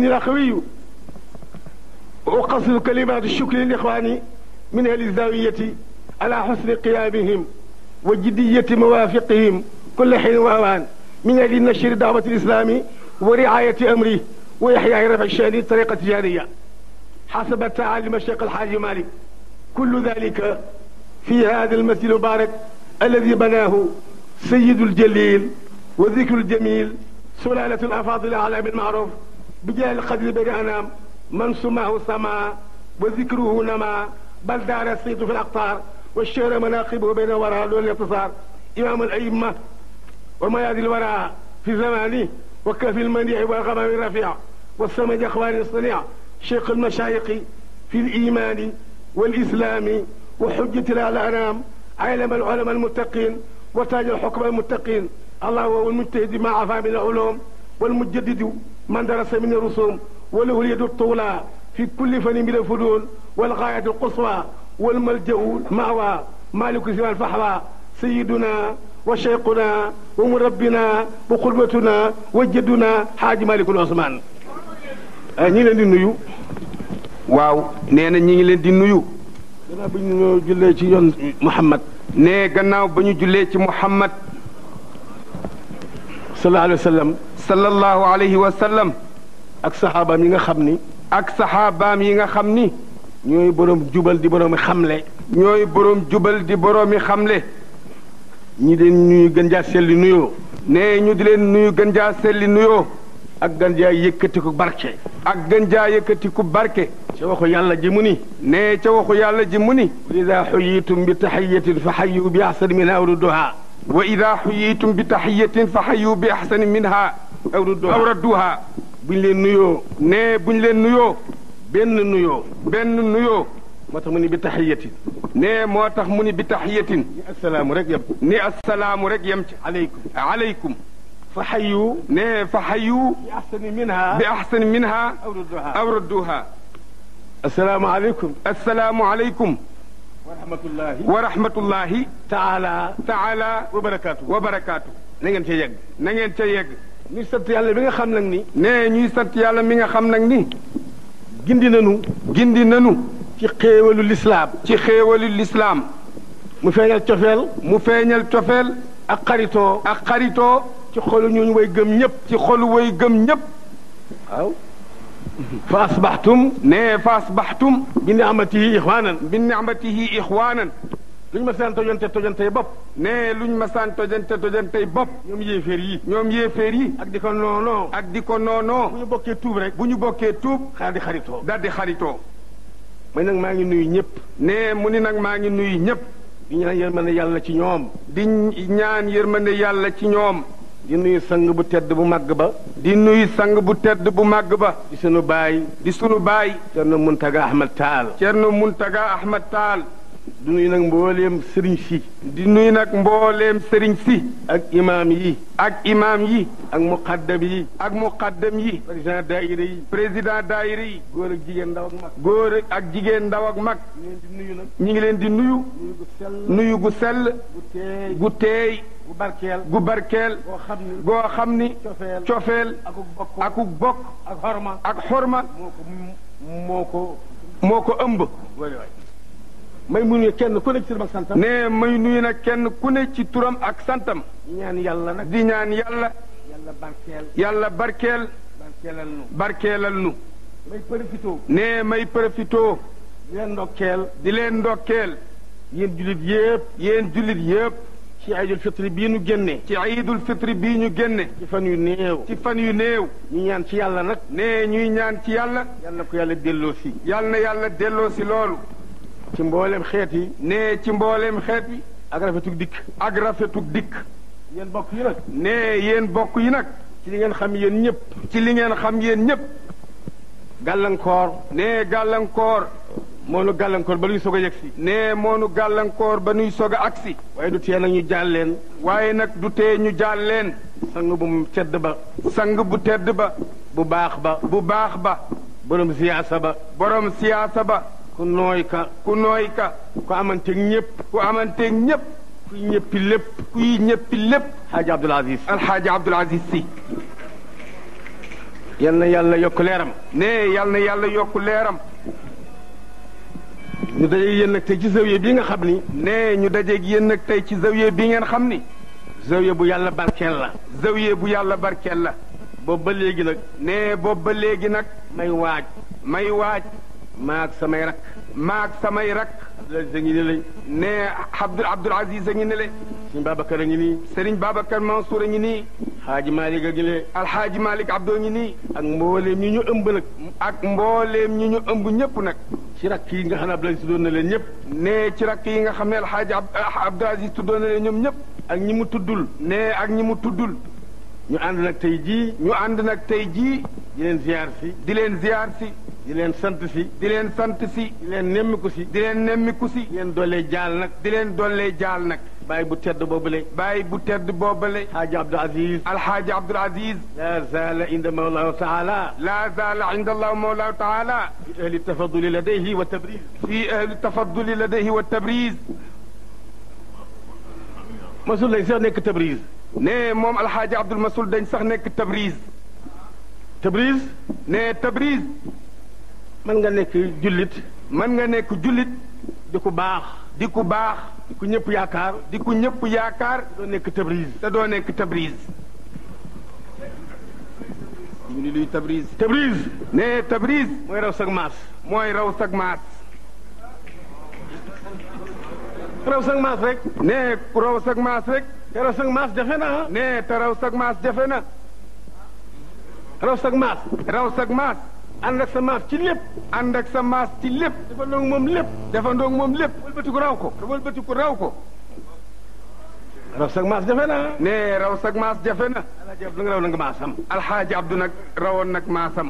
الأخوي أقصد كلمات الشكر لإخواني من أهل الزاوية على حسن قيامهم وجدية موافقهم كل حين وأوان من أجل نشر دعوة الإسلام ورعاية أمره وإحياء رفع الشأن الطريقه تجارية حسب تعاليم الشيخ الحاج مالك كل ذلك في هذا المسجد المبارك الذي بناه سيد الجليل وذكر الجميل سلالة الأفاضل على بالمعروف بجاه القدر برعنم من سماه سما وذكره نما بل دار الصيت في الأقطار والشعر مناقبه بين وراء دون انتصار إمام الأئمة وميادي الوراء في زمانه وكفي المنيع والغمام الرفيع والسمج أخوان الصنيع شيخ المشايخ في الإيمان والإسلام وحجة الأنام عالم العلماء المتقين وتاج الحكم المتقين الله هو المجتهد ما عفا من العلوم والمجدد من درس من الرسوم وله اليد الطولى في كل فن من الفنون والغاية القصوى والملجأ مأوى مالك زمان الفحوى سيدنا وشيقنا ومربنا وقربتنا وجدنا حاج مالك العثمان ñi آه، leen di nuyu واو nee na ñi ngi leen di nuyu gannaaw ba ñu jullee ci yoon muhammad ne gannaaw sallallahu alayhi wa sallam sallallahu alayhi wa sallam ak saxaabaam yi nga xam ni ak saxaabaam yi nga xam ni ñooy boroom jubal di boroomi le ñooy boroom jubal di boroomi xamle ñi leen nuyu gën jaa selli nuyoo nee ñu di leen nuyu gën jaa selli nuyoo ak gën jaa yëkkatiku barke ak gën jaa yëkkatiku barke ca waxu yàlla ji mu ni nee ca waxu yàlla ji mu ni ida xuyitum bi taxiyatin fa xayu bi axsan min awruduha وإذا حييتم بتحية فحيوا بأحسن منها أو ردوها أو ردوها بن لين نيو ني بن لين نيو بن نيو بن نيو موتاخ موني بتحية ني موتاخ موني بتحية السلام رك يم ني السلام رك يم عليكم عليكم فحيوا ني فحيوا بأحسن منها بأحسن منها أو ردوها أو ردوها السلام عليكم السلام عليكم wa rahmatullahi taala taala wa barakaatu wa barakaatu na ngeen ca yegg na ngeen ca yegg ñuy sant yàlla mi nga xam nag ni nee ñuy sant yàlla mi nga xam nag ni gindi nanu gindi nanu ci xéewalu lislaam ci xéewalu lislaam mu feeñal cofeel mu feeñal cofeel ak xaritoo ak xaritoo ci xolu ñooñu way gëm ñëpp ci xolu way gëm ñëpp waaw fa asbaxtum ne fa asbaxtum bi ni'matihi ixwaanan bi ni'matihi ixwaanan luñ ma saan tojante tojantey bopp ne luñ ma saan tojante tojantey bopp ñoom yéeféer yi ñoom yéeféer yi ak di ko noonoo ak di ko noonoo bu ñu bokkee tuub rek bu ñu bokkee tuub xaar di xaritoo daal di xaritoo may nag maa ngi nuyu ñëpp ne mu ni nag maa ngi nuyu ñëpp di ñaan na yàlla ci ñoom di ñaan na yàlla ci ñoom di nuyu sang bu tedd bu màgg ba di nuyu sang bu tedd bu màgg ba di sunu baay di sunu baay Cerno Muntaga Ahmad Taal mun taga Ahmad Taal di nuyu nag mbooleem sëriñ si di nuyu nag mbooleem sëriñ si ak imaam yi ak imaam yi ak muqaddam yi ak muqaddam yi président daayira yi président daayira yi góor ak jigéen ndaw ak mag góor ñu ngi leen di nuyu nuyu gu sell gu teey gu barkeel gu barkeel goo xam ni cofeel akuk bokk ak xorma moo ko ëmb may nuyu kenn ku ne ci turam ak nuyu nag kenn ku ne ci turam ak santam. ñaan yàlla nag di ñaan yàlla. yàlla barkeel. yàlla barkeel. barkeelal nu. barkeelal nu. may nee may profito. di leen ndokkeel. di leen ndokkeel. yéen jullit yépp. yéen jullit yépp. ci ayidul fitri bii ñu génne. ci ayidul fitri bii ñu génne. fan yu néew. fan yu néew. ñu ñaan ci yàlla nag. nee ñuy ñaan ci yàlla. yàlla na ko yàlla delloo si. yàlla na yàlla delloo si loolu. ci mboolem xet yi ne ci mboolem xet wi ak rafetuk dik ak rafetuk dik yeen bokk yi nak ne yeen bokk yi nak ci li ngeen xam yeen ñepp ci li ngeen xam yeen ñepp galankor ne galankor monu galankor ba nuy soga yeksi ne monu galankor ba nuy soga aksi waye du tee nag ñu jaal leen du ñu sang bu tedd ba sang bu tedd ba bu baax ba bu baax ba borom siyasa ba borom siyasa ba ku nooy ka ku nooy ka ku amanteeg ñëpp ku amanteeg ñëpp kuy ñëppi lépp kuy ñëppi lépp xaaja abdul aziz alxaaja abdul aziz si yal na yàlla yokk leeram ne yal na yàlla yokk leeram ñu dajeeg yéen nag tey ci zawiye bi nga xam ni ne ñu dajeeg yéen nag tey ci zawiye bi ngeen xam ni zawiye bu yàlla barkeel la zawiye bu yàlla barkeel la boobu ba léegi nag ne boobu léegi nag may waaj may waaj maag samay rak maag samay rak da ngi ne la ne Abdul Abdul Aziz a ngi ne le sëriñ Babacar a ngi nii sëriñ Babacar Mansour a ngi nii Alxaaji Malick a ngi ne Alxaaji Malick Abdoo ngi nii ak mbooleem ñu ñu ëmb nag ak mbooleem ñu ñu ëmb ñëpp nag ci rakk yi nga xam ne Abdoulaye tuddoon na leen ñëpp ne ci rakk yi nga xam ne Alxaaji Abdul Aziz tuddoon na ñoom ñëpp ak ñi mu tuddul ne ak ñi mu tuddul ñu ànd nag tey jii ñu ànd nag tey jii di leen ziar si di leen ziar si di leen sant si di leen sant si di leen nemmiku si di leen nemmiku si di leen dollee jaal nag di leen dollee jaal nag bàyyi bu tedd boobale bàyyi bu tedd boobale xaaji abdul aziz alxaaji abdul aziz laa zaala inda mawlaahu taala laa zaala inda allahu mawlaahu taala fi ahli tafaduli ladayhi wa tabriz fi ahli tafaduli ladayhi wa tabriz masul lay sax nekk tabriz ne moom alxaaji abdul masul dañ sax nekk tabriz tabriz ne tabriz mën nga nekk jullit mën nga nekk jullit di ku baax di ku baax di ku ñëpp yaakaar di ku ñëpp yaakaar doo nekk tabriz te doo nekk tabriz ñu ni luy tabriz mooy raw sag mooy raw sag maas raw sag maas rek ne raw sag rek teraw sag maas jafe na ah. ne te raw sag maas jafe na raw sag maas raw sag maas ànd ak sa maas ci lépp ànd ak sa maas ci lépp defandoog moom lépp defandoog moom lépp wëlbatiku raw ko wëlbatiku raw ko raw sag maas jafe na ah. ne raw sag maas jafe na alxaaji nag raw na nga maasam alxaaji abdu nag rawoon nag maasam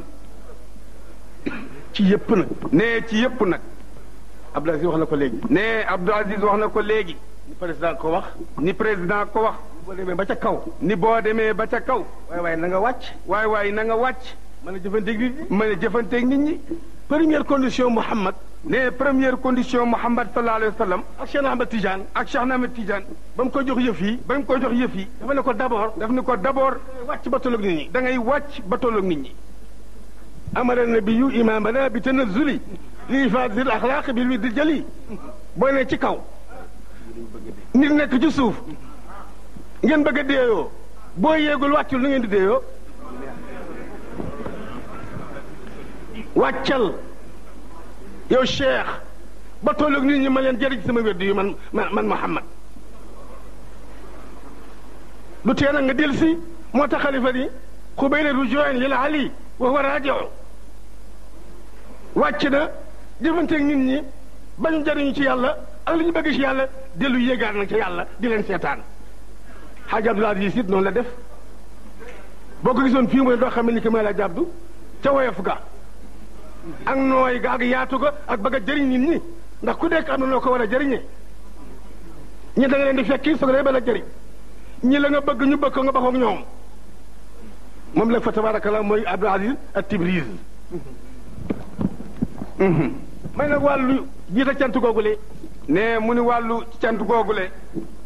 ci yëpp nag ne ci yëpp nag abdou aziz wax na ko léegi ne abdou aziz wax na ko léegi ni président ko wax. ni président ko wax. ni boo demee ba ca kaw. ni boo demee ba ca kaw. waay waay na nga wàcc. waay waay na nga wàcc. mën a jëfanteeg nit ñi. mën a jëfanteeg nit ñi. première condition Mouhamad. ne première condition Mouhamad sallallahu alayhi wa sallam. ak Cheikh Ahmed Tidiane. ak Cheikh Ahmed Tidiane. ba mu ko jox yëf yi. ba mu ko jox yëf yi. dafa ne ko d' abord. daf ne ko d' abord. wàcc ba tolloog nit ñi. da ngay wàcc ba tolloog nit ñi. amara nabiyu imaamana bi tanazuli li ifaadil axlaaq bi lu di jëli. boo ne ci kaw. nit nekk ci suuf ngeen bëgg a deeyoo boo yéegul wàccul nu ngeen di deeyoo wàccal yow cheikh ba tolloog nit ñi ma leen jëriñ sama wérdi yu man ma man Muhammad lu tee nag nga dellu moo tax xalifa ni xubayla rujuin lil ali wa a rajiu wàcc na jëfanteeg nit ñi bañ jëriñu ci yàlla ak li ñu bëgg ci yàlla dellu yéegaat nag ca yàlla di leen seetaan xaaj Abdul Aziz it noonu la def boo ko gisoon fii mu ne doo xam ne ni ki may la jàbdu ca woyof ga ak nooy ga ak yaatu ga ak bëgg jëriñ nit ñi ndax ku nekk am na noo ko war a jëriñee ñi da leen di fekki soo ko ba la jëriñ ñi la nga bëgg ñu bëgg ko nga baxoog ñoom moom la fa tabaarakalla mooy Abdul Aziz ak Tibriz mm-hmm. mm-hmm. may nag wàllu jiite cant googule ne mu ni wàllu cant googu le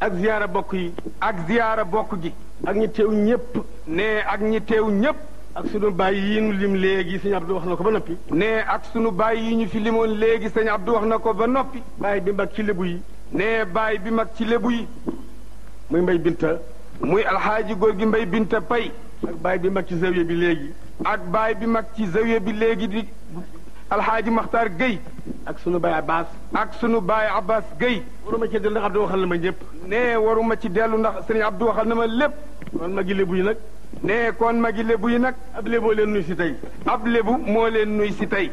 ak ziyaara bokk yi ak ziyaara bokk gi ak ñi teew ñëpp ne ak ñi teew ñëpp ak sunu bàyyi yi ñu lim léegi sëñ Abdou wax na ko ba noppi ne ak sunu bàyyi yi ñu fi limoon léegi sëñ Abdou wax na ko ba noppi bàyyi bi mag ci lébu yi ne bàyyi bi mag ci lébu yi muy mbay binta muy alxaaji góor gi mbay binta pay ak bàyyi bi mag ci zawiya bi léegi ak bàyyi bi mag ci zawiya bi léegi di alxaaji Maxtaar Guèye. ak sunu baay Abbas. ak sunu baay Abbas Guèye. waruma ci dellu waxal na ma ñëpp. waruma ci dellu ndax sëriñ Abdou waxal na ma lépp. kon magi lébu yi nag. nee kon magi lébu yi nag. ab lébu leen nuy si tey. ab moo leen nuy si tey.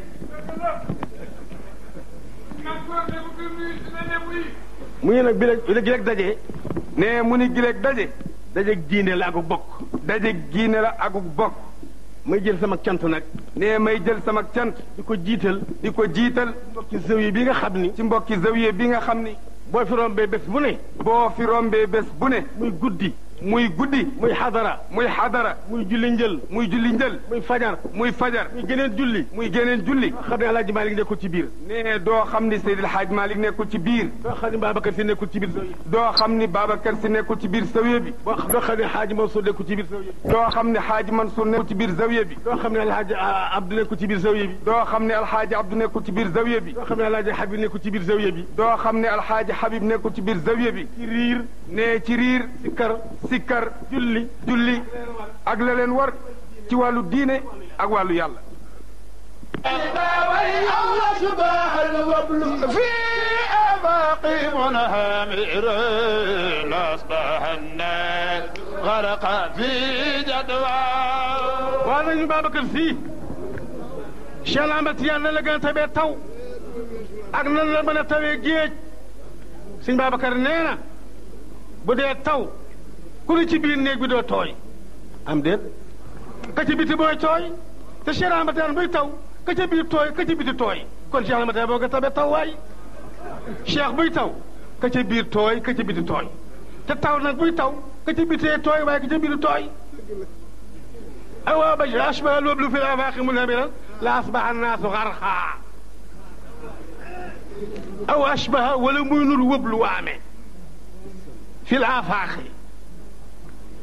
mu ngi nag bi rek gi rek daje. nee mu ni gi rek daje. daje diine la akuk bokk. daje diine la akuk bok may jël sama cant nag. nee may jël sama cant di ko jiital di ko jiital mbokki zawiya bi nga xam ni ci mbokki zawiya bi nga xam ni boo fi rombee bés bu ne boo fi rombee bu ne muy guddi muy guddi muy xadara muy xadara muy julli njël muy julli njël muy fajar muy fajar muy geneen julli muy geneen julli xam ne alaaji Malik nekkul ci biir ne doo xam ni Seydil Haaj Malik nekkul ci biir doo xam ni Babacar Si nekkul ci biir doo xam ni Babacar Si nekkul ci biir zawiya bi doo xam ni Xaaji Mansour nekkul ci biir zawiya bi doo xam ni Xaaji Mansour nekkul ci biir zawiya bi doo xam ni Alxaaji Abdu nekkul ci biir zawiya bi doo xam ni Alxaaji Abdu nekkul ci biir zawiya bi doo xam ni Alxaaji Habib nekkul ci biir zawiya bi doo xam ni Alxaaji Habib nekkul ci biir zawiya bi ci riir ne ci riir si kar sikkar julli julli ak la war ci wàllu diine ak wàllu yàlla waa nañu Babacar Sy Cheikh Ahmed Tidiane nan la gën a tabee taw ak nan la mën a tawee géej Sëñ Babacar bu dee taw كل شيء بين نيك بدو توي ام دين كاتي بيتي بو توي تا شيرا ماتان بي تاو كاتي بي توي كاتي بيتي توي كون شيخ ماتان بو كتا بي تاو واي شيخ بي تاو كاتي بي توي كاتي بيتي توي تا تاو نك بي تاو كاتي بيتي توي واي كاتي بيتي توي أوا بجر أشبع لوب لو في الأفاق منابرا لا أصبح الناس غرخا أو أشبه ولو منور وبلو في الأفاق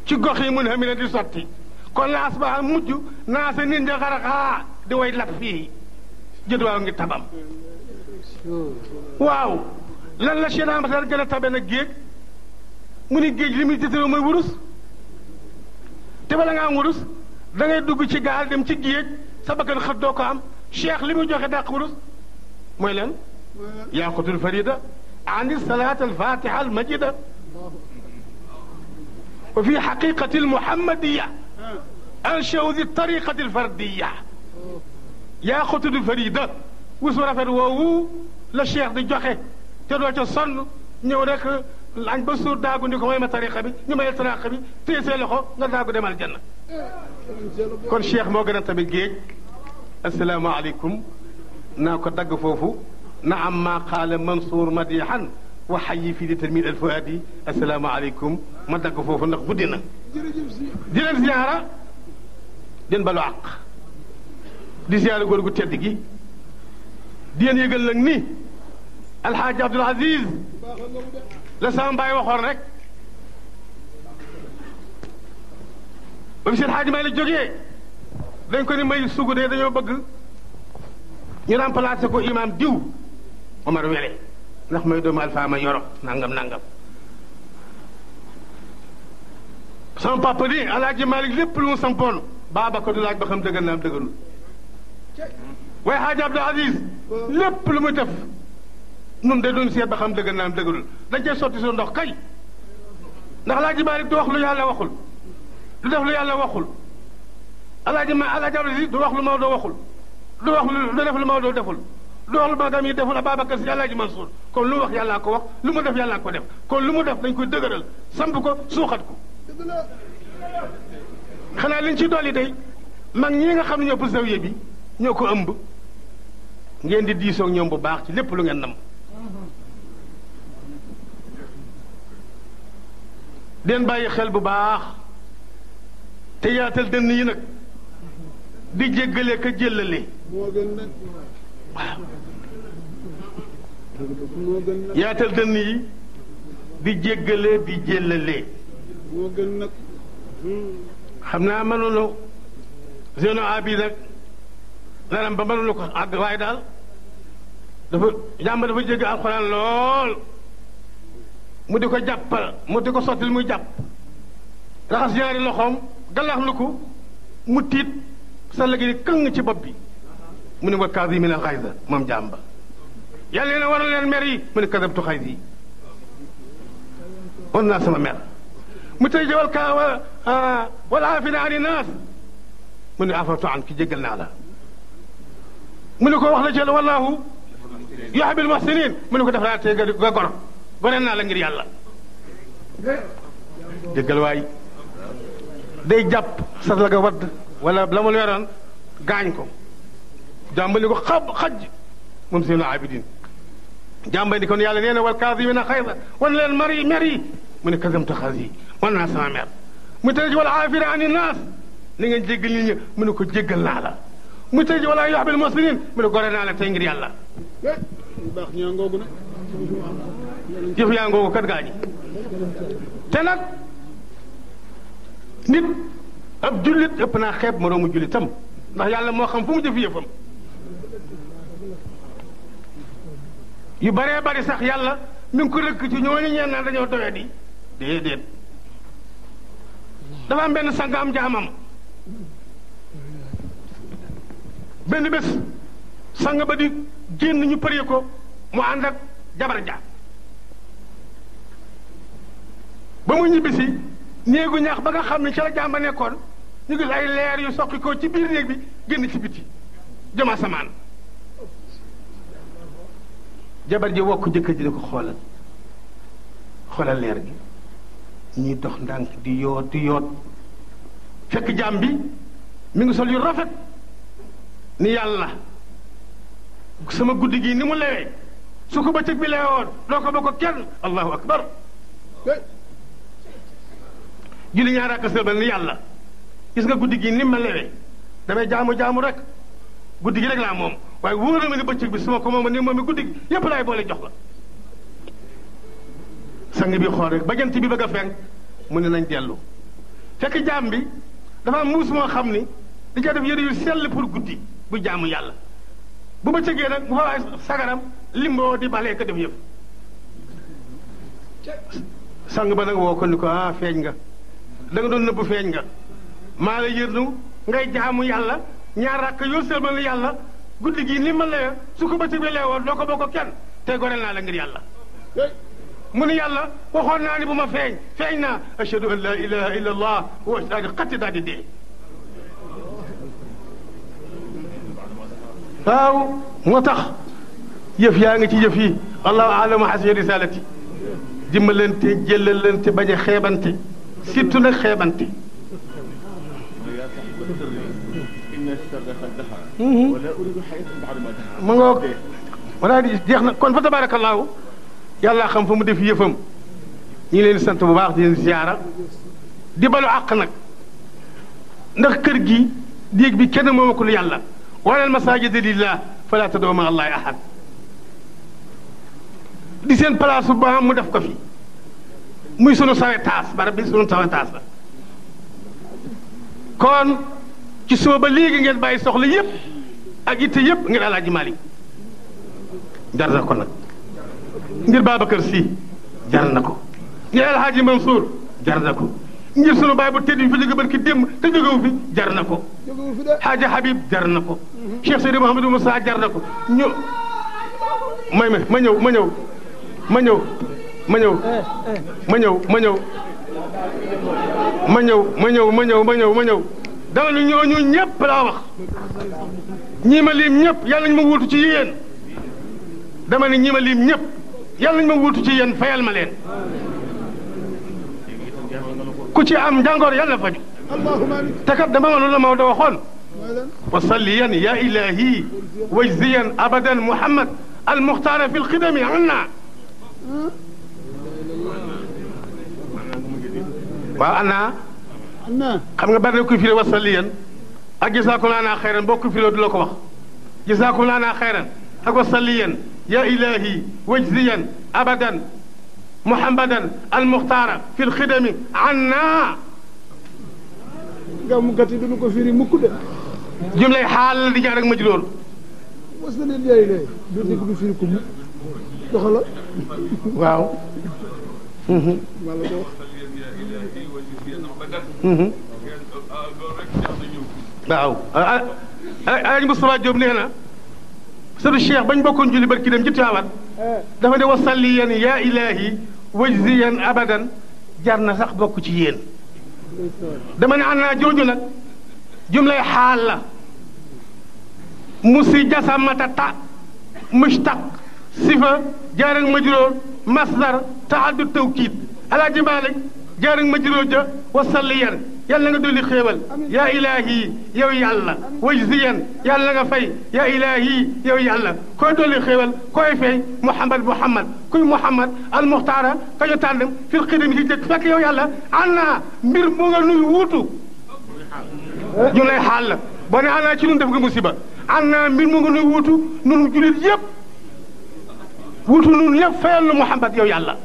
ci gox yi mun xam ne di sotti kon laas ba xam mujj naa sa nit ña xaraxaa di way lap fii jënd waaw ngi tabam waaw lan la Cheikh Ambassar gën a tabe nag géej mu ni géej li muy jësiroo mooy wurus te bala ngaa am wurus dangay ngay dugg ci gaal dem ci géej sa bakkan xët doo ko am cheikh li muy joxe dàq wurus mooy leen yaaqutul farida ani salaat al fatiha al majida وفي حقيقة المحمدية أنشأوا ذي الطريقة الفردية يا خطب الفريدة وصورة الوو للشيخ دي جوخي تلو تصن نيوريك لان بسور داغو نيكو ويما طريقة بي نيما يتناق بي تيسي لخو نداغو دي مالجنة كون شيخ موغن انت السلام عليكم ناكو دق فوفو نعم ما قال منصور مديحا وحيي في تلميذ الفؤادي السلام عليكم ماذا كفوف النق بدينا دين الزيارة دين بلوعق دي زيارة قول قلت يدقي دين يقل لني الحاج عبد العزيز لسان باي وخرك ومشي الحاج ما يلجوكي لن كوني ما يسوقو دي دي يوبق ينام بلاتكو إمام ديو ومروي عليه ndax may doomu alpha ma ñoro nangam nangam sama papa ni alaaji Malik lépp lu mu sampoon baaba ko du laaj ba xam dëggal na am dëggalul waaye xaaji Abdou Aziz lépp lu muy def nun de duñ seet ba xam dëggal na am dëggalul dañ cee sotti su ndox kay ndax alaaji Malik du wax lu yàlla waxul du def lu yàlla waxul alaaji ma alaaji Abdou Aziz du wax lu Maodo waxul du wax lu du def lu Maodo deful لول ما غامي ديفنا بابا كاس يالا جي منصور كون لو وخ يالا كو وخ لو ما ديف يالا كو ديف كون لو مو ديف دنج كوي دغرال سامب كو سوخات كو خنا لين سي دولي تاي ماك نيغا خامل نيو بوزاوي بي نيو كو امب نين دي ديسوك نيوم بو باخ سي ليپ لو نين نام دين باي خيل بو باخ تياتل دين ني نك دي جيغلي كا جيلالي مو waaw yaatal dënn yi di jéggale di jéllale xam naa mënulu zeno a bi nag laram ba mënulu ko àgg waaye daal dafa jàmb dafa jégg alxuraan lool mu di ko jàppal mu di ko sottil mu jàpp raxas ñaari loxoom gallax lu ko mu tiit sa léegi ni këng ci bopp bi من وكاذي من الغيظة مم جامبا يلينا ورن المري من كذبت خيذي والناس ممر متي جوال كاوا آه والعافنا عن الناس من عفرت عنك جقلنا على من كو وخلا جل والله يحب المحسنين من كو دفرات غغور غورنا لا غير يالا جقل واي دي جاب سات لا ود ولا بلا مول يران غاني كو جامبل نيكو خب خج ممسلم العابدين جامبل نيكو نيالا نينا والكاذي من خيضة ولا المري مري من كذب تخذي وانا سامر متج والعافر عن الناس نين جيجل نيني من كو جيجل نالا متج ولا يحب المسلمين من كو رنالا تنجري الله جيف يانغوغو كد غاني تنك نيت اب جوليت اپنا خيب مروم جوليتم ndax yalla mo xam fu mu def yefam yu baree bari sax yàlla mi ko rëkk ci ñooñu ñeen naa dañoo doye di déedéet dafa am benn sang am jaamam benn bés sang ba di génn ñu përee mu ànd ak jabar ja ba mu ñibbisi néegu ñax ba nga xam ne ca la jaam ba nekkoon ñu gis ay leer yu soqi ko ci biir néeg bi génn ci biti jëm asamaan jabar ji wokk jëkkër ji di ko xoolal xoolal leer gi ñuy dox ndànk di yoot di yoot fekk jaam bi mu ngi sol yu rafet ni yàlla sama guddi gi ni mu lewee su ko bëccëg bi leewoon doo ko bokk kenn allahu akbar julli ñaara ka sëlmal ni yàlla gis nga guddi gi ni ma lewee damay jaamu jaamu rek guddi gi rek laa moom waaye wóor na ma ne bëccëg bi su ma ko mooma ni moom mi guddi gi yépp laay boole jox la sang bi xool rek ba jant bi bëgg a fenk mu ne nañ dellu fekk jaam bi dafa am muus xam ni di ca def yëre yu sell guddi bu jaamu yàlla bu bëccëgee nag mu xawaay limboo di balee ko def yëpp sang ba nag woo ko ni ah feeñ nga da nga doon nëbbu feeñ nga maa la yërnu ngay jaamu yàlla ñaar rakk yoo sëlmal yàlla guddi gi li ma la su ko bëccëg bi leewoon doo ko bokk kenn te goreel naa la ngir yàlla mu ni yàlla waxoon naa ni bu ma feeñ feeñ naa ashhadu an la ilaha illa allah wa daal di xatti daal di dee waaw moo tax yëf yaa ngi ci yëf yi allahu alama xasiya risalati dimbalante jëlalante bañ a xeebante surtout nag xeebante wala uridu hayatan ba'da ma ma ngoog wala di jeex na kon fa tabarakallahu yàlla xam fa mu def yëfam ñi leen sant bu baax di leen ziara di balu àq nag ndax kër gi déeg bi kenn moomakul yàlla wala al masajida lillah fala tadoo ma allahi ahad di seen place bu baax mu def ko fi muy sunu sawetaas barab bi sunu sawetaas la kon ci suba ba léegi ngeen bàyyi soxla yëpp ak itte yëpp ngir alaaji Malick jar na ko nag ngir Babacar Sy jar na ko ngir alaaji Mansour jar na ko ngir sunu baay bu tedd bi fi jóge barki démb te jógewu fi jar na ko Xaaja Habib jar na ko Cheikh Seydi Mouhamadou Moussa jar na ko ñu may ma ma ñëw ma ñëw ma ñëw ma ñëw ma ñëw ma ñëw ma ñëw ma ñëw ma ñëw ma ñëw dama ne ñooñu ñëpp laa wax ñi ma lim ñëpp yàlla nañ ma wuutu ci yéen dama ne ñi ma lim ñëpp yàlla nañ ma wuutu ci yéen fayal ma leen ku ci am jàngoor yàlla faju te kat dama ma loolu Maodo waxoon وصليا يا إلهي واجزيا أبدا محمد المختار في القدم عنا وأنا xam nga bari na kuy firi wasal yéen ak gisaakum laa naa xayran boo ko firee du la ko wax gisaakum laa naa xayran ak wasal yéen ya ilahi wajziyan abadan muhammadan al fi محمدا المختار في الخدم عنا قام قتي دونو كو فيري مكو ده جمله حال دي جارك مجلول وصل لي جاي لي دونو كو فيري كو دخل واو والله waaw alaaj ah, ah, Moustapha Diop nee na sëñ bañ bokkoon julli barki dem ci Tiwaawan dafa ne wasalli yan yaa ilaahi wajzi yan abadan jar na sax dama ne ana jooju jumlay xaal la musi jasamata mushtaq sifa jaarag majroor masdar taaddu tawkiid alaaji Maalik جارن مجروجة وصليان يالنا دولي خيبل يا إلهي يا يو يالنا وجزيان يالنا فاي يا إلهي يا يو يالنا كوي دولي خيبل كوي فاي محمد محمد كوي محمد المختارة كي يتعلم في القدم جيدة فاك يو يالنا عنا مير موغا نوي ووتو يولي حال بني عنا چلون دفق مصيبة عنا مير موغا نوي ووتو نون جلد يب ووتو نون يب فايل محمد يو يالنا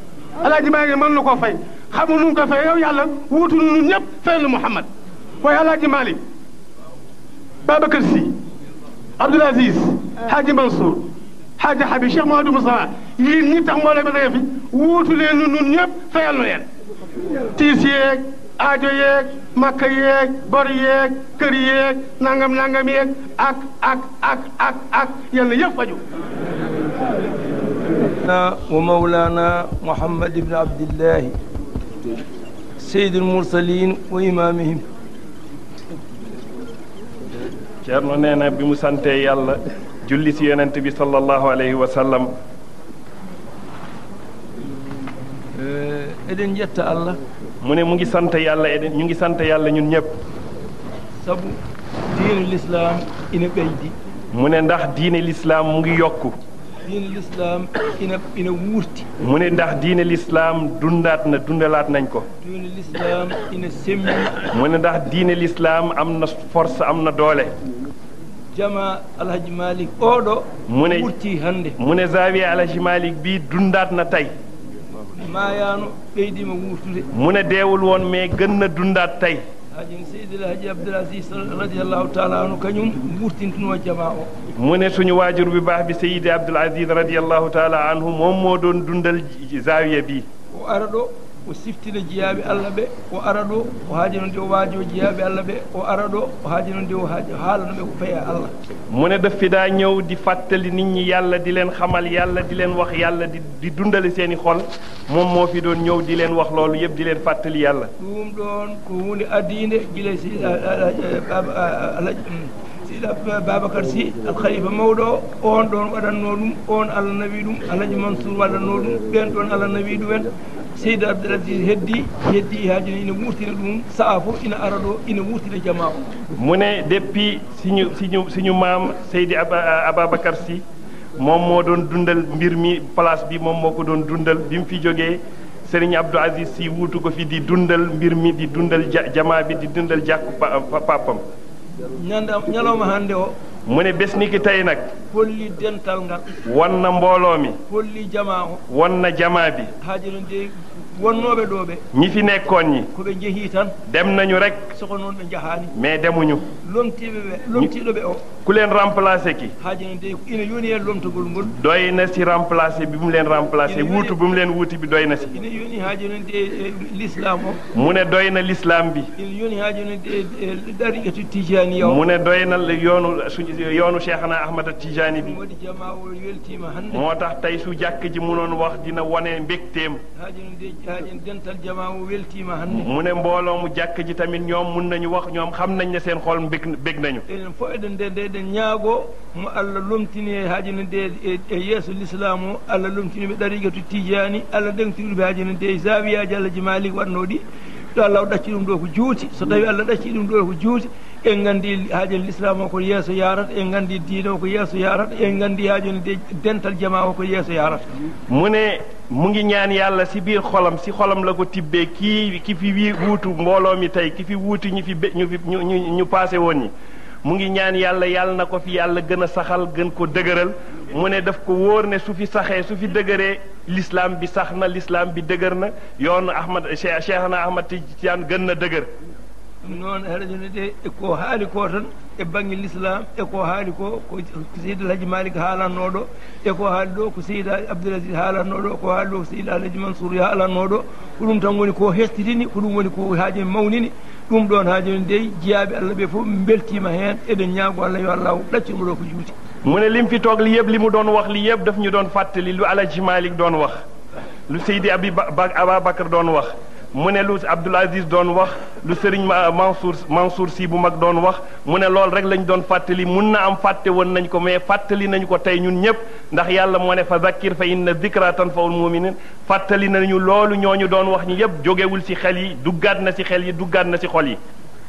الله جماعي من نكو فاي xamul nu ko fee yow yàlla wutul ñun ñëpp fenn Muhammad waaye Alaaji malik Babacar si abdul Aziz Hadji Mansour Hadji Habib Cheikh Mouhamadou Moussa yéen ñi tax moo leen ba fi wuutu leen ñun ñëpp fayal nu leen tiis yeeg aajo yeeg makka yeeg bor yeeg kër yeeg nangam nangam yeeg ak ak ak ak ak yàlla yëpp faju ومولانا محمد بن عبد الله seydil mursalin wa imaamihim Ceerno nee na bi mu santee yàlla julli si yonent bi sallallahu alayhi wa sallam eh, allah mu ne mu ngi sant yàlla eɗen ñu ngi sant yàlla ñun ñëpp sabu diinu l'islam ina ɓeydi mu ne ndax diine lislaam mu ngi yokk diine lislaam mu ne ndax diine lislaam dundaat na dundalaat nañ ko diine lislaam mu ne ndax diine lislaam am na force am na doole jama alhaji malik oɗo mu ne mu ne zawiya alhaji malik bi dundaat na tey maayaano ɓeydima wuurtude mu ne deewul woon mais gën na dundaat tey hajen seydil haji abdoulasis radiallahu taala anu kañum wurtintinoo jama o mu ne suñu waajur bi baax bi seydi abdoul asis radiallahu taala anhu moom moo doon dundal zawiya bi o ara ɗo o siftira jeyaɓe allah ɓe o ara ɗo o haaji noon de o waajo jeyaɓe allah ɓe o ara ɗo o haaji noon de o haalano ɓe ko paye allah mu ne daf fi daa ñëw di fàttali nit ñi yàlla di leen xamal yàlla di leen wax yàlla di di dundale seen i xol moom moo fi doon ñëw di leen wax loolu yëpp di leen fàttali yàlla ɗum ɗoon ko hunde addiinde gila si seeɗa babacar sy alkhalifa mawɗo o on ɗon ɗum on allah nawi ɗum alhaji mansour waɗatno ɗum ɓen ɗon allah seydi abdoul asis heddi heddi haaju ne ina wurtina ɗum sahaa fof ina ara ɗo ina wurtina jama o mu ne depuis siñu siñu siñu maam seydi ababacar si moom moo doon dundal mbir mi place bi moom moo ko doon dundal bi mu fi jógee Serigne Abdou Aziz wuutu ko fi di dundal mbir mi di dundal ja jamaa bi di dundal jàkku papam ñanda ñalawma hannde o mu ne bés ni ki tey nag. holli dental ngal. wan na mbooloo mi. holli jamaa o. wan na jamaa bi. wonnooɓe ɗo ɓe ñi fi nekkoon ñi ko ɓe njehii dem nañu rek soko noon ɓe njahaani mais demuñu lomtiiɓe ɓe lomtiiɗo o ku leen remplacé ki haaji no dey ina yoni heen lomtogol doy na si remplacé bi mu leen remplacé wuutu bu mu leen wuuti bi doy na si ina yoni haaji no de mu ne doy na eh, lislaam bi ina yoni haaji no de ɗariqatu tijani o mu ne doy na eh, yoonu suñu yoonu cheikhana ahmada tijani bi waɗi jama o weltiima moo tax tey su jàkk ji mu munoon wax dina wone mbégteem haaji no mu ne mbooloo mu jàkk ji tamit ñoom mun nañu wax ñoom xam nañ ne seen xol mbég bég nañu enen fof eɗen nde nde eɗen ñaagoo mo allah lomtini e haajino nde e yeeso l'islamu o allah lomtiniɓe ɗariigatu tijaani allah ndentiriɓe haajino nde e zawiyaaji allah ji maalik waɗnoo ɗi ɗo allah o ɗacci ɗum ɗo ko juuti so tawi allah ɗacci ɗum ɗo ko juuti en nganndi haajoni l'islam o ko yeeso yarata en nganndi diine o ko yeeso yarata en nganndi haajoni de dental jama o mu ngi ñaan yàlla si biir xolam si xolam la ko tibbee kii ki fi wii wuutu mbooloo mi tey ki fi wuuti ñu fi be ñu fi ñu ñu ñu paase woon ñi mu ngi ñaan yàlla yàlla na ko fi yàlla gën a saxal gën ko dëgëral mu ne daf ko wóor ne su fi saxee su fi dëgëree lislaam bi sax na lislaam bi dëgër na yoonu Ahmad Cheikh Cheikhna Ahmad Tidiane gën na dëgër noon haalajuno de eko haali ko tan e bange l'islam eko haali ko ko seydi alhaji malik haalannoɗo eko ɗo ko ko haali ɗo ko seydi e alhaji mansour haalannoɗo ko ɗum tan woni ko hestitini ko ɗum woni ko haajoni mawnini ɗum ɗon haajoni dey jeyaɓe allah ɓe fof beltima heen eɗen ñaago allah yo allah ɗaccuɗum ɗo ko juuti mu ne lim fi toog li yëpp li mu doon wax li yëpp daf ñu doon fàttali lu alhaji malik doon wax lu seydi abi ababacre doon wax mu ne lu Abdoul Aziz doon wax lu Serigne Mansour Mansour si bu mag doon wax mu ne loolu rek lañ doon fàttali mun na am fàtte woon nañ ko mais fàttali nañ ko tey ñun ñëpp ndax yàlla moo ne fa zakkir fa inna zikra tanfaul muminin fàttali nañu loolu ñoo ñu doon wax ñi yëpp jógewul ci xel yi duggaat na ci xel yi duggaat na ci xol yi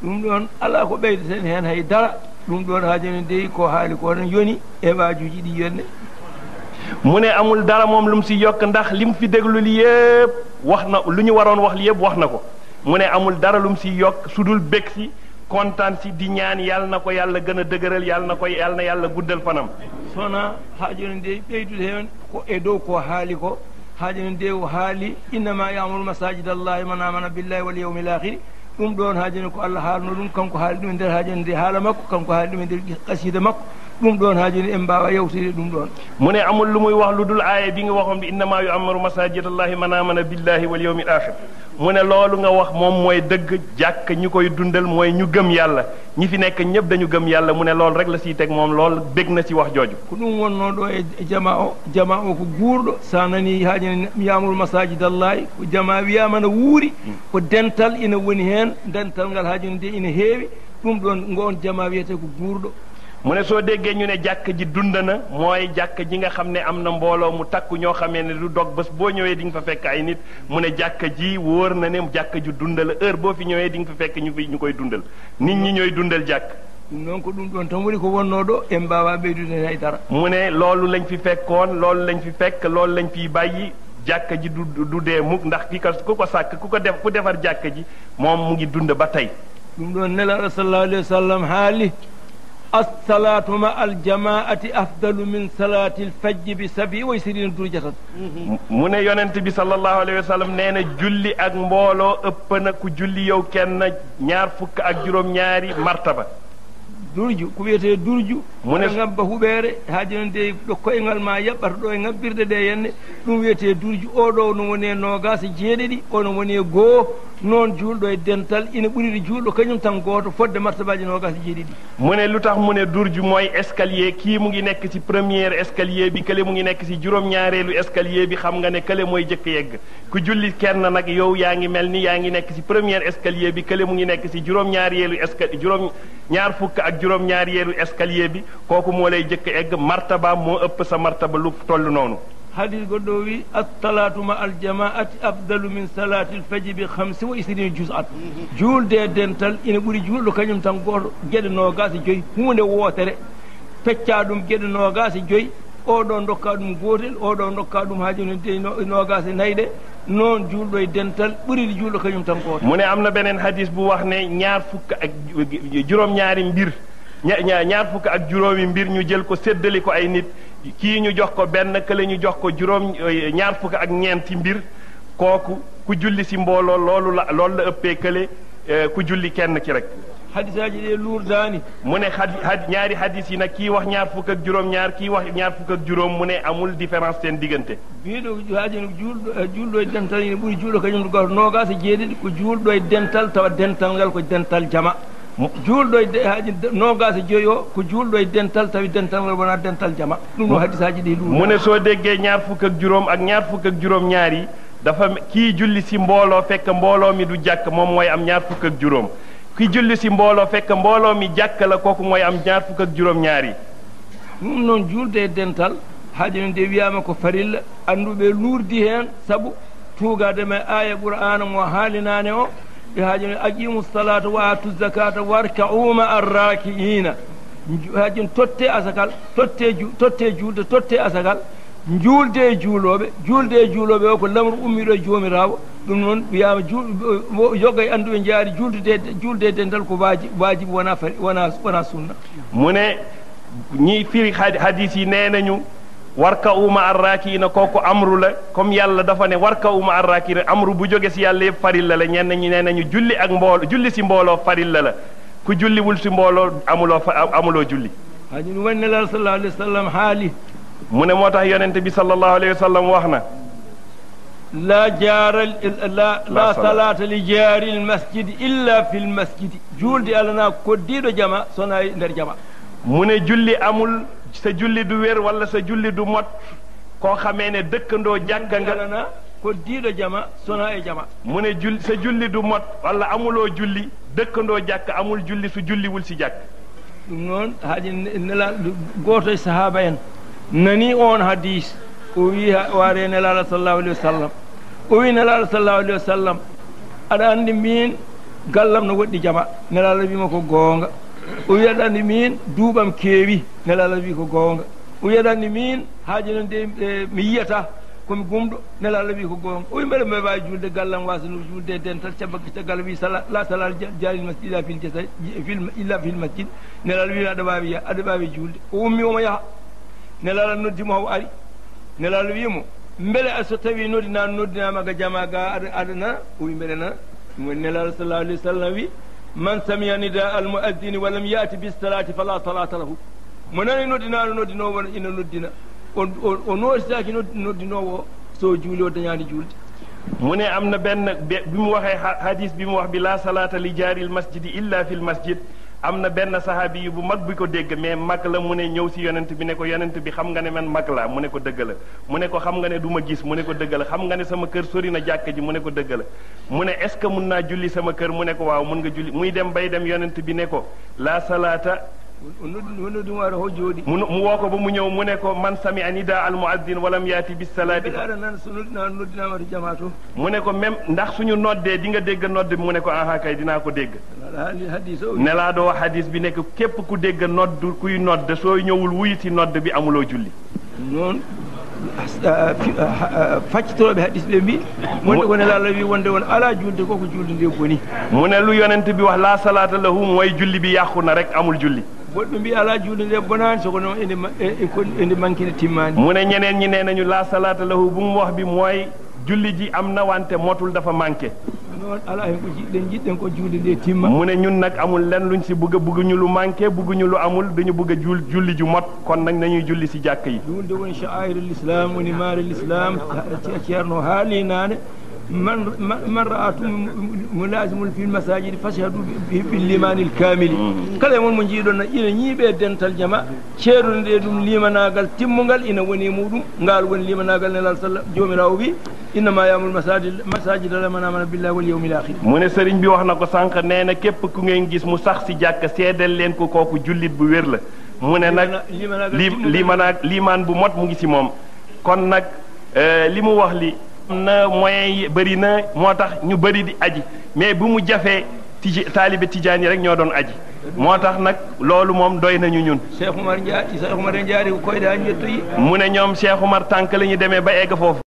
ɗum ɗon alaa ko ɓeydo ten heen hay dara ɗum ɗon haajani dey ko haali ko tan yoni eɓaajuuji ɗi yonde mu ne amul dara moom lu mu si yokk ndax li mu fi déglu li yépp wax na lu ñu waroon wax li yépp wax na ko mu ne amul dara lu mu si yokk su dul bég si kontaan si di ñaan yàlla na ko yàlla gën a dëgëral yàlla na ko yàlla na yàlla guddal fanam sona haajoni de ɓeydude heen ko e dow ko haali ko haajoni de o haali innama yamuru masajida allahi man amana billahi wal yawmil akhiri ɗum ɗon haajoni ko allah haalno ɗum kanko haali ɗum e nder haajoni haala e makko ɗum ɗon haajini en mbawa yewtide ɗum ɗon mu ne amul lu muy wax lu dul aaya bi nga waxoon bi innama yu amaru masajid mana mana amana billahi wal yawmil akhir mu ne loolu nga wax moom mooy dëgg jàkk ñi koy dundal mooy ñu gëm yàlla ñi fi nekk ñëpp dañu gëm yàlla mu ne loolu rek la siy teg moom lool bég na si wax jooju ko ɗum wonnoo ɗo e jama o jama o ko guurɗo sa nani haajini yamuru masajid allahi ko jama wiyama no wuuri mm. ko dental ina woni hen dental ngal haajini ngoon jama wiyete ko guurɗo mu ne soo déggee ñu ne jàkk ji dund na mooy jàkk ji nga xam ne am na mbooloo mu takku ñoo xamee ne du dog bës boo ñëwee di nga fa fekk ay nit mu ne jàkk ji wóor na ne jàkk ju dund la heure boo fi ñëwee di nga fa fekk ñu fi ñu koy dundal nit ñi ñooy dundal jàkk noon ko ɗum ɗon tan woni ko wonnoo ɗo en mbawa ɓeydude haydara mu ne loolu lañ fi fekkoon loolu lañ fi fekk loolu lañ fiy bàyyi jàkk ji du du dee mukk ndax ki ko ko sàkk ku ko def ku defar jàkk ji moom mu ngi dund ba tey ɗum ɗon nelaɗo sallallahu alayhi wa sallam الصلاة مع الجماعة أفضل من صلاة الفجر بسبي ويسرين درجات من يونان تبي صلى الله عليه وسلم نين جولي أغمبولو أبنا كو جولي يو كان نار فك أجروم ناري مرتبة durju ko wiyete durju mune gabba huɓere hajinande ɗo koyngal ma yaɓɓata ɗo e gabbirɗe ɗe henne ɗum wiyete durju oɗo no woni e nogas e jeeɗiɗi ono woni e goho noon juulɗo e dental ina ɓuriɗo juulɗo kañum tan goto fodde martabaji nogas e jeeɗiɗi mune lutax mune durju moy escalier kii mu ngi nekk si première escalier bi kale mu ngi nekk si juróom ñaareelu escalier bi xam ne kale mooy jëkk yegg ku julli kenn nag yow yaa ngi mel ni yaa ngi nekk si première escalier bi kale mu ngi nekk si juróom ñaareelu escalier juróom juróom-ñaareelu escalier bi kooku moo jëkk egg martaba ëpp sa martaba lu toll noonu hadis goɗɗo wi assalaatu ma aljamaati afdalu min salati lfaji bi xamsi wa isrin jus an juulde dental ina ɓuri juulɗo kañum tan gooto geɗe noogas e joyi huunde wootere ɗum geɗe noogas e joyi ɗum gootel oɗo noon juulɗo dental ɓuriɗo juulɗo kañum tan gooto mu ne am na beneen hadis bu wax ne ñaar fukk ak mbir ña ñaar fukk ak juróomi mbir ñu jël ko séddali ko ay nit kii ñu jox ko benn kële ñu jox ko juróom ñaar fukk ak ñeenti mbir kooku ku julli si mbooloo loolu la loolu la ëppee kële e, ku julli kenn ki rek. xadisaaji dee luur daani. mu ne xad ñaari xadis yi nag kii wax ñaar fukk ak juróom ñaar kii wax ñaar fukk ak juróom mu ne amul différence seen diggante. bii do haajino juul e, juulɗoye dental ine ɓuri juulɗo kañum ɗo goto nogas e jeeɗiɗi ko juulɗo e dental tawa dental ngal ko dental jama juulɗo e haaji o ko juulɗo e dental tawi dental ngal wona dental jama ɗum ɗo hadis aji ɗi ɗum mu ak juróom ak ñaar fukk ak juróom ñaari dafa kii julli si mbooloo fekk mbooloo mi du jàkk moom mooy am ñaar fukk juróom ki julli si mbooloo fekk mbooloo mi jàkk la kooku mooy am ñaar fukk ak juróom ñaari ɗum noon juulde e dental haaji no nde ko farilla anduɓe luurdi heen sabu tuugade ma aya qur'ana mo haalinane o haajin aqimu salata wa atu zakata warka'u ma arraki'ina haajin totte asakal totte totte totte asakal juulde e juulooɓe juulde e ko lamru ummiɗo joomiraawo ɗum noon wiyama yoga e anndu ɓe jaari juuldude juulde ko waaji waajibi sunna mu ne ñii firi hadis warka'u ma arrakina kooku amru la kom yàlla dafa ne warka'u ma arrakina amru bu jóge ci yàlla yëpp farilla la ñen ñi neenañu julli ak mbolo julli ci mbolo faril la la ku julli wul ci mbolo amulo amulo julli. waa ñu wone la sallallahu alayhi wasallam hali xaali. mu ne moo yonent bi sallallahu alayhi wasallam waxna la jar la la laa li jar al masjid illa fi al masjid juulde alana ko koddiiɗo jama sonay der jama mu ne julli amul sa julli du wér wala sa julli du mot koo xamee ne dëkkandoo jàkka nga ko diiɗo jama sona e jama mu ne jul julli du mot walla amuloo julli dëkkandoo jàkk amul julli su julliwul si jàkk ɗum noon haadi o wi waare nelaala sallahu alayhi o wi nelaala sallahu alayhi aɗa anndi min gallam no woɗɗi jama nelaala wima ko goonga o wiyaɗanni min duuɓam keewi nelaala wi ko goonga o wiyaɗanni min haaji noon de e, mi yiyata komi gumɗo nelaala wi ko goonga o wi mbeɗa mbeɗa wawi julde gallam wasano julde den tan cabbakke caggal wi la salal jalil masjid illa fil jasa illa fil masjid nelaala wino aɗa wawi aɗa wawi julde o ummi omo yaaha nelaala noddimo haw ari nelaala wimo beele so tawi noddinama noddinamaga jama ga aɗa aɗa nana o wi mbeɗa nana ɗum woni nelaala sallallahu alayhi wa sallam wi من سمع نداء المؤذن ولم يأتي بالصلاة فلا صلاة له من أن ندنا نودنا ندنا نودنا ونوشتاك نودنا سو جولي ودنياني جولي من أمن am na حديث bi mu صلاة hadis المسجد إلا في المسجد am na benn saxaabi yi bu mag bi ko dégg mais mag la mu ne ñëw si yonent bi ne ko yonent bi xam nga ne man mag laa mu ne ko dëgg la mu ne ko xam nga ne duma ma gis mu ne ko dëgg la xam nga ne sama kër sori na jàkk ji mu ne ko dëgg la mu ne est-ce que mun naa julli sama kër mu ne ko waaw mun nga julli muy dem bay dem yonent bi ne ko laa salaata wonuduma aɗa mu ñëw mu ne ko man sami a nida al muaddin walam yaati bisalati mu ne ko même ndax suñu noddee dinga nga dégg nodde bi mu ne ko aha dinaa ko dégg hadis o bi nekk képp ku dégg noddu kuy nodde soo ñëwul wuyiti nodde bi amuloo julli noon faccitoroɓe hadis ɓe mbi wonde wone mu ne lu yonent bi wax la salata lahum way julli bi yàqu na rek amul julli goɗɗo mbi ala juulde nde bonani soko noon ene e-, e ende manquine timmani mu ne ñeneen ñi nee nañu la salata lahu wax bi mooy julli ji am na wante motul dafa manqué noon ala hen ko jiɗɗen jiɗɗen ko ne ñun nag amul len luñ si bëgg bëgguñu lu manqué bëgguñu lu amul dañu bëgg a juul julli ju mot kon nag nañuy julli si jàkk yi ɗum de woni chaairul من من رأتم ملازم في المساجد فاشهدوا بالليمان الكامل كلام يوم من جيلنا إلى نيبة دنت الجماعة شيرون ديدم لما ناقل تمغل إن وني مودم قال وني لما ناقل نلال صلى جوم راوي إنما يوم المساجد مساجد لمن آمن بالله واليوم الآخر من سرين بي وحنا كو سانك نينا كيب كو ngeen gis mu sax ci jakk sédal len ko koku julit bu wër la mu ne nag liman liman liman bu mot mu ngi ci mom kon nag euh, li mu am na moyens yi bëri na moo tax ñu bëri di aji mais bu mu jafee tij taalibe tijaan yi rek ñoo doon aji moo tax nag loolu moom doy nañu ñun. Cheikh Umar Ndiaye Cheikh Umar Ndiaye koy daa ñett yi. mu ne ñoom Cheikh tànk la ñu demee ba egg foofu.